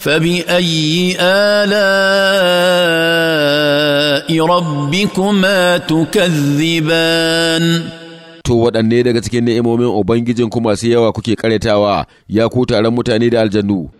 فباي الاء ربكما تكذبان to waɗanne daga cikin ni'imomin ubangijin kuma masu yawa kuke karetawa ya ku taron mutane da aljannu